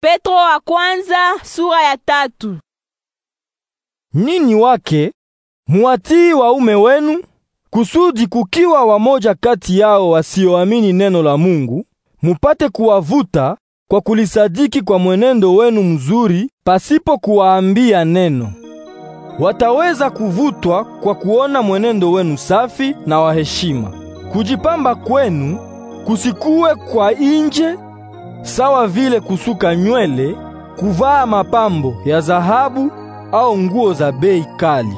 Petro wa kwanza sura ya tatu. Nini wake muwatii waume wenu kusudi kukiwa wamoja kati yao wasioamini neno la Mungu mupate kuwavuta kwa kulisadiki kwa mwenendo wenu mzuri pasipo kuwaambia neno. Wataweza kuvutwa kwa kuona mwenendo wenu safi na waheshima Kujipamba kwenu kusikue kwa inje sawa vile kusuka nywele, kuvaa mapambo ya dhahabu au nguo za bei kali.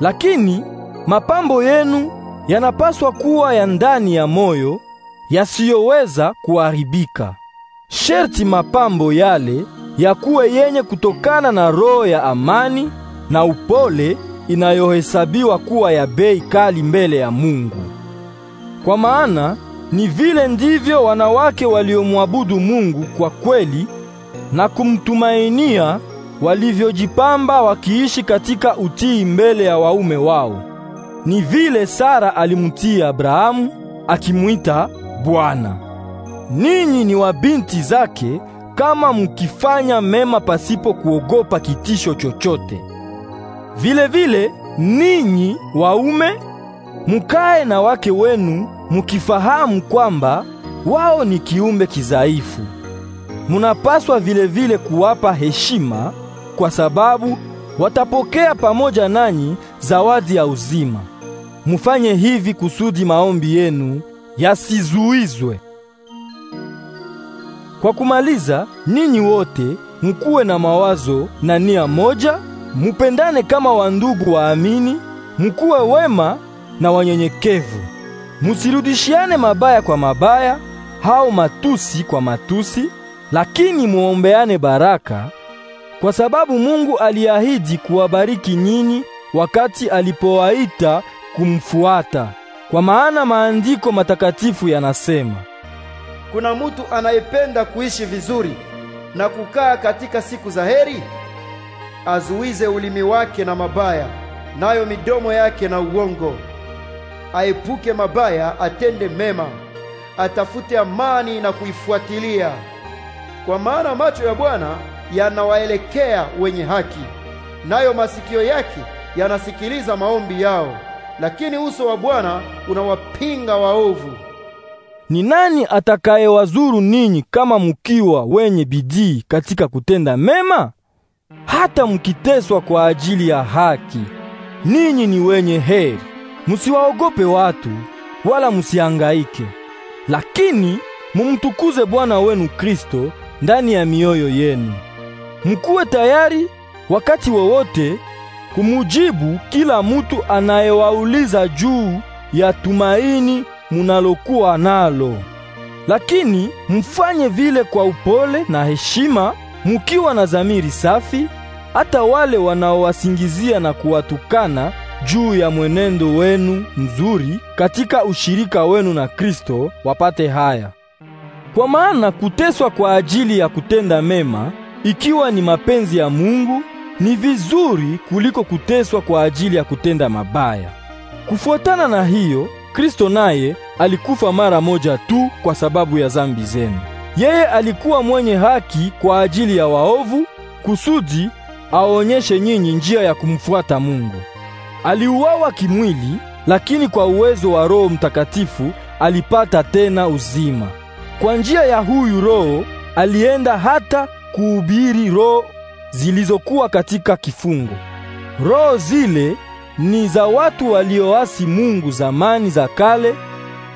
Lakini mapambo yenu yanapaswa kuwa ya ndani ya moyo, yasiyoweza kuharibika. Sherti mapambo yale ya kuwe yenye kutokana na roho ya amani na upole inayohesabiwa kuwa ya bei kali mbele ya Mungu. Kwa maana ni vile ndivyo wanawake waliomwabudu Mungu kwa kweli na kumtumainia walivyojipamba wakiishi katika utii mbele ya waume wao. Ni vile Sara alimtii Abrahamu akimwita Bwana. Ninyi ni wabinti zake kama mkifanya mema pasipo kuogopa kitisho chochote. Vile vile ninyi waume Mukae na wake wenu mukifahamu kwamba wao ni kiumbe kizaifu. Munapaswa vile vile kuwapa heshima kwa sababu watapokea pamoja nanyi zawadi ya uzima. Mufanye hivi kusudi maombi yenu yasizuizwe. Kwa kumaliza, ninyi wote mukuwe na mawazo na nia moja, mupendane kama wandugu waamini, mukuwe wema na wanyenyekevu. Musirudishiane mabaya kwa mabaya hao matusi kwa matusi, lakini muombeane baraka, kwa sababu Mungu aliahidi kuwabariki nyinyi wakati alipowaita kumfuata. Kwa maana maandiko matakatifu yanasema, kuna mutu anayependa kuishi vizuri na kukaa katika siku za heri, azuize ulimi wake na mabaya, nayo midomo yake na uongo aepuke mabaya, atende mema, atafute amani na kuifuatilia, kwa maana macho ya Bwana yanawaelekea wenye haki, nayo masikio yake yanasikiliza maombi yao, lakini uso wa Bwana unawapinga waovu. Ni nani atakayewazuru ninyi kama mkiwa wenye bidii katika kutenda mema? Hata mkiteswa kwa ajili ya haki, ninyi ni wenye heri musiwaogope watu wala musiangaike, lakini mumtukuze Bwana wenu Kristo ndani ya mioyo yenu. Mkuwe tayari wakati wowote kumujibu kila mutu anayewauliza juu ya tumaini munalokuwa nalo, lakini mfanye vile kwa upole na heshima, mukiwa na zamiri safi, hata wale wanaowasingizia na kuwatukana juu ya mwenendo wenu mzuri katika ushirika wenu na Kristo wapate haya. Kwa maana kuteswa kwa ajili ya kutenda mema, ikiwa ni mapenzi ya Mungu, ni vizuri kuliko kuteswa kwa ajili ya kutenda mabaya. Kufuatana na hiyo, Kristo naye alikufa mara moja tu kwa sababu ya zambi zenu. Yeye alikuwa mwenye haki kwa ajili ya waovu, kusudi aonyeshe nyinyi njia ya kumfuata Mungu. Aliuawa kimwili, lakini kwa uwezo wa Roho Mtakatifu alipata tena uzima. Kwa njia ya huyu Roho alienda hata kuhubiri roho zilizokuwa katika kifungo. Roho zile ni za watu walioasi Mungu zamani za kale,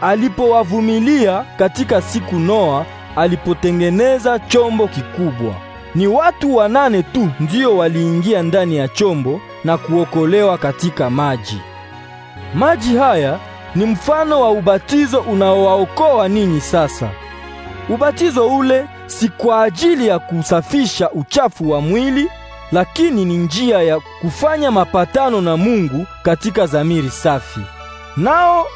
alipowavumilia katika siku Noa alipotengeneza chombo kikubwa. Ni watu wanane tu ndio waliingia ndani ya chombo na kuokolewa katika maji. Maji haya ni mfano wa ubatizo unaowaokoa ninyi sasa. Ubatizo ule si kwa ajili ya kusafisha uchafu wa mwili, lakini ni njia ya kufanya mapatano na Mungu katika dhamiri safi. Nao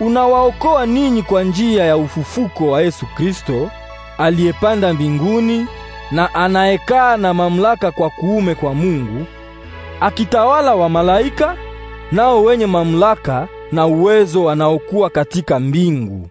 unawaokoa ninyi kwa njia ya ufufuko wa Yesu Kristo aliyepanda mbinguni na anayekaa na mamlaka kwa kuume kwa Mungu akitawala wa malaika nao wenye mamlaka na uwezo wanaokuwa katika mbingu.